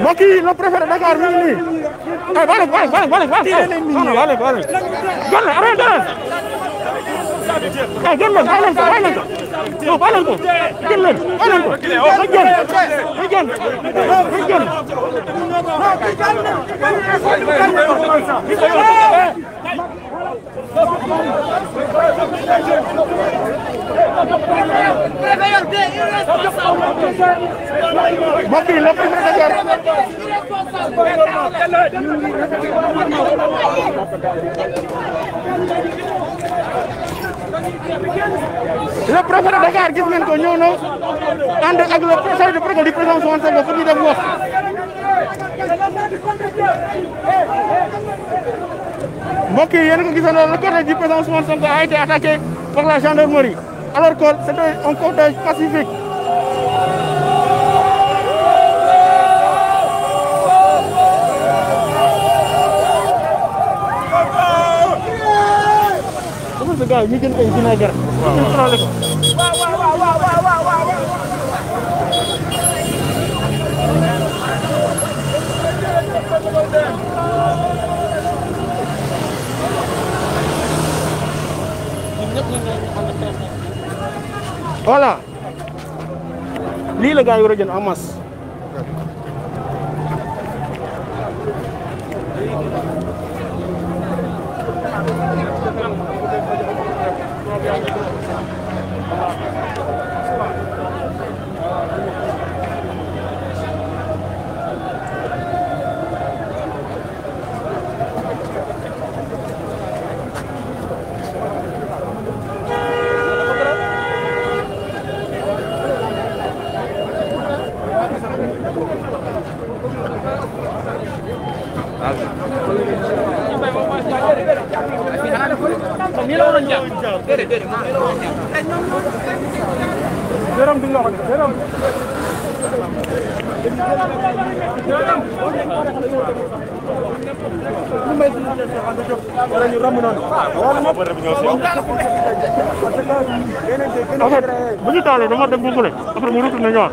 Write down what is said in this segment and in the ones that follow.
mbokk yi le préfet de Dakar mi ngi nii ay bale bale bale bale bale bale bale gon na arrêté ay gon leen bale eh, bale leen ko bale ko gon leen bale leen ko ay gon ay gon ay gon no ki kan mbokk yi lépp de Dakar gis ngeen ko ñëw na ànd ak le préfet de projet du président Ousmane Sonko pour ñu dem mbokk yi yéen a ko gisandoo le cortège du président Ousmane Sonko a été attaqué par la gendarmerie alors que c'était un cortège pacifique. waaw waaw gars yi ñu jënd ay vinaigre. waaw waaw voilà Li la gars yi jeun a Thank you. Yaram bi loxo yaram wala ñu romb noonu wala mo bëre ñoo ci bu ñu taalee dama dem bu sule après mu retourné ñëwaat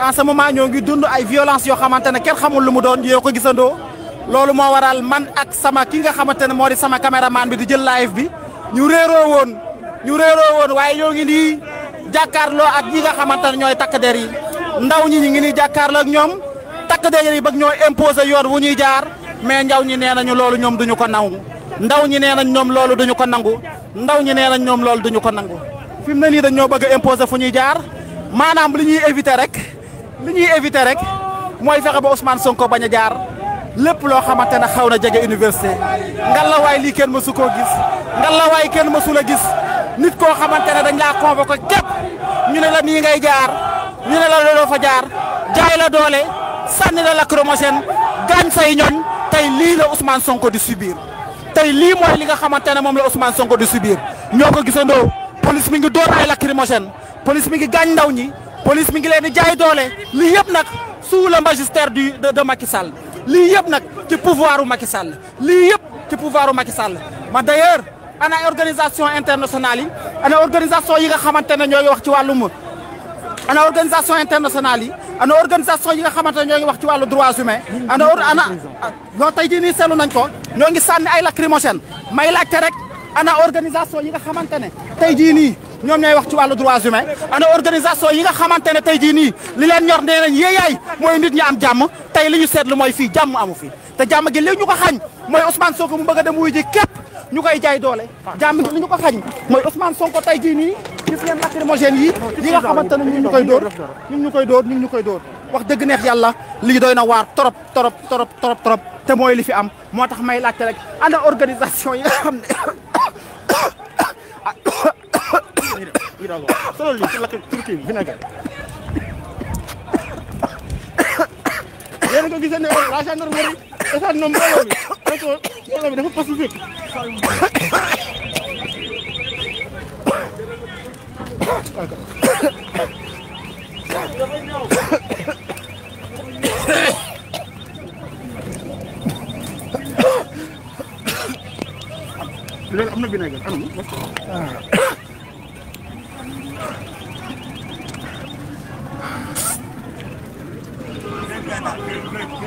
en ce moment ñoo ngi dund ay violence yo xamantene ne kenn xamul lu mu doon yow ko gisando lolu mo waral man ak sama ki nga xamantene modi sama cameraman bi di jël live bi ñu rero won ñu rero won waye ñoo ngi ni jakarlo ak ñi nga xamantene ñoy tak der yi ndaw ñi ñi ngi ni jakarlo ak ñom tak der yi bak ñoy imposer yor wu ñuy jaar mais ndaw ñi nenañu lolu ñom duñu ko nangu ndaw ñi nenañ ñom lolu duñu ko nangu ndaw ñi nenañ ñom lolu duñu ko nangu bëgg imposer fu ñuy jaar manam li ñuy éviter rek li ñuy éviter rek mooy fexe ba Ousmane Sonko bañ a jaar lépp loo xamante ne xaw na jege université ngallaawaay lii kenn mësu koo gis ngallaawaay kenn mësu a gis nit koo xamante ne dañ laa ko képp ñu ne la nii ngay jaar ñu ne la looloo fa jaar jaay la doole sànni la lacrymogène gaañ say ñoñ tey lii la Ousmane Sonko di subir tey lii mooy li nga xamante ne moom la Ousmane Sonko di subir ñoo ko gisandoo police mi ngi door ay lacrymogène police mi ngi gaañ ndaw ñi. police mi ngi leen di jaay doole lii yëpp nag sous le magistère du de de Macky Sall lii yëpp nag ci pouvoiru Macky Sall lii yëpp ci pouvoiru Macky Sall ma d'ailleurs ana organisation internationale yi ana organisation yi nga xamante ne ñoo ngi wax ci wàllum ana organisation internationale yi ana organisation yi nga xamante ne ñoo ngi wax ci wàllu droits humains ana ana loo tey jii nii seetlu nañ ko ñoo ngi sànni ay lacrymogène may laajte rek ana organisation yi nga xamante ne tey jii nii ñoom ñooy wax ci wàllu droits humains ana organisation yi nga xamante ne tey jii nii li leen ñor nee nañ yéeyaay mooy nit ñi am jàmm tey li ñu seetlu mooy fii jàmm amu fi te jàmm gi li ñu ko xañ mooy Ousmane Sonko mu bëgg a dem wuy ji képp ñu koy jaay doole jàmm gi li ñu ko xañ mooy Ousmane Sonko tey jii nii gis ngeen lacrymogène yi yi nga xamante ne ñu ñu koy dóor ñu ñu koy dóor ñu ñu koy dóor wax dëgg neex yàlla lii doy na waar trop trop trop trop trop te mooy li fi am moo tax may laajte rek ana organisation yi nga xam You don't know. Suddenly, it's like a cooking vinegar. yéen ko gisee ne la gendarmerie dafa am mbooloo bi dafa mbooloo bi dafa pacifique. léegi am na vinaigre anam.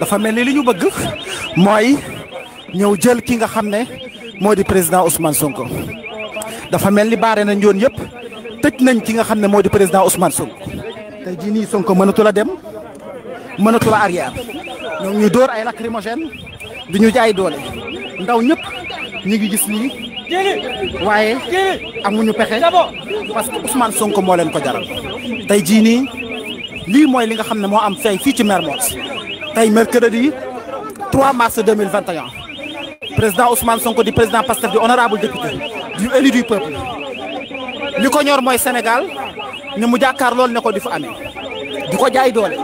dafa mel ni li ñu bëgg mooy ñëw jël ki nga xam ne moo di président Ousmane Sonko dafa mel ni baare nañ yoon yëpp tëj nañ ki nga xam ne moo di président Ousmane Sonko tey jii nii Sonko mënatul a dem mënatul a arrière ñoom ñu dóor ay lacrymogène du ñu jaay doole ndaw ñëpp ñu ngi gis lii waaye amuñu pexe parce que Ousmane Sonko moo leen ko jaral tey jii nii lii mooy li nga xam ne moo am fay fii ci Mermoz Tay mercredi 3 mars 2021 président Ousmane Sonko di président Pasteur di honorable député du élu du peuple li ko ñor moy Sénégal ni mu jakar lol ne ko di fa amee di jaay doole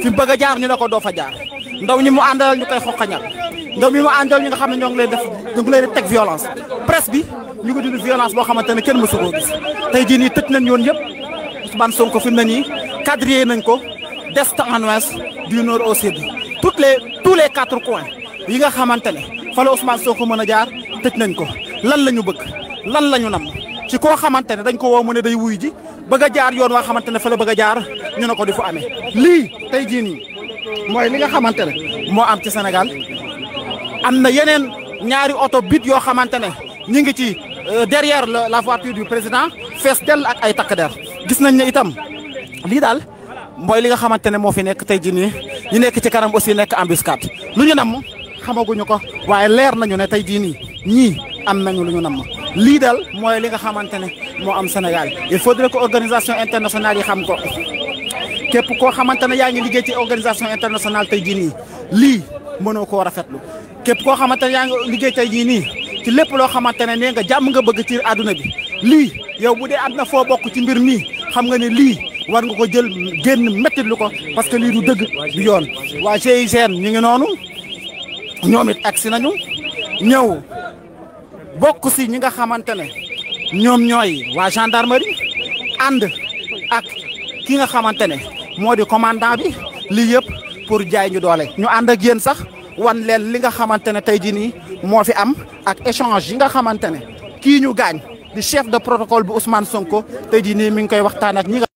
fi bëgg jaar ñu ne ko do fa jaar ndaw ñi mu andal ñu koy xoqañal ndaw mi mu andal ñi nga xamne ñong lay def ñong lay tek violence presse bi ñu ko violence bo xamantene kenn mësu ko gis tay ji ni tecc nañ yoon yëpp Ousmane Sonko fi nañ ni cadrier nañ ko d'est en ouest du nord au sud toutes les tous les quatre coins yi nga xamante ne fa la Ousmane ko mën a jaar tëj nañ ko lan la ñu bëgg lan la ñu nam ci koo xamante ne dañ ko woo mu ne day wuy ji bëgg a jaar yoon waa xamante ne fa la bëgg a jaar ñu ne ko di fu amee lii tey jii nii mooy li nga xamante ne moo am ci senegal am na yeneen ñaari oto bit yoo xamante ne ñu ngi ci euh, derrière la voiture du président fees dell ak ay takk der gis nañ ne itam lii daal mooy li nga xamante ne moo fi nekk tey jii nii ñu nekk ci kanam aussi nekk embuscade lu ñu nam xamaguñu ko waaye leer nañu ne tey jii nii ñii am nañu lu ñu nam lii daal mooy li nga xamante ne moo am Sénégal il faudrait que organisation internationale yi xam ko képp koo xamante ne yaa ngi liggéey ci organisation internationale tey jii nii lii mënoo koo rafetlu képp koo xamante ne yaa ngi liggéey tey jii nii ci lépp loo xamante ne nee nga jàmm nga bëgg ci àdduna bi lii yow bu dee am foo bokk ci mbir mii xam nga ne lii war nga ko jël genn metti lu ko parce que li du deug du yoon wa GIGN ñi ngi nonu ñomit it nañu ñew bokku si ñi nga xamantene ñom ñoy wa gendarmerie and ak ki nga xamantene modi commandant bi li yep pour jaay ñu doole ñu and ak yeen sax wan leen li nga xamantene tay tey jii fi am ak échange yi nga xamantene ki ñu gaañ di chef de protocole bu Ousmane Sonko tay jii nii mi ngi koy waxtaan ak ñi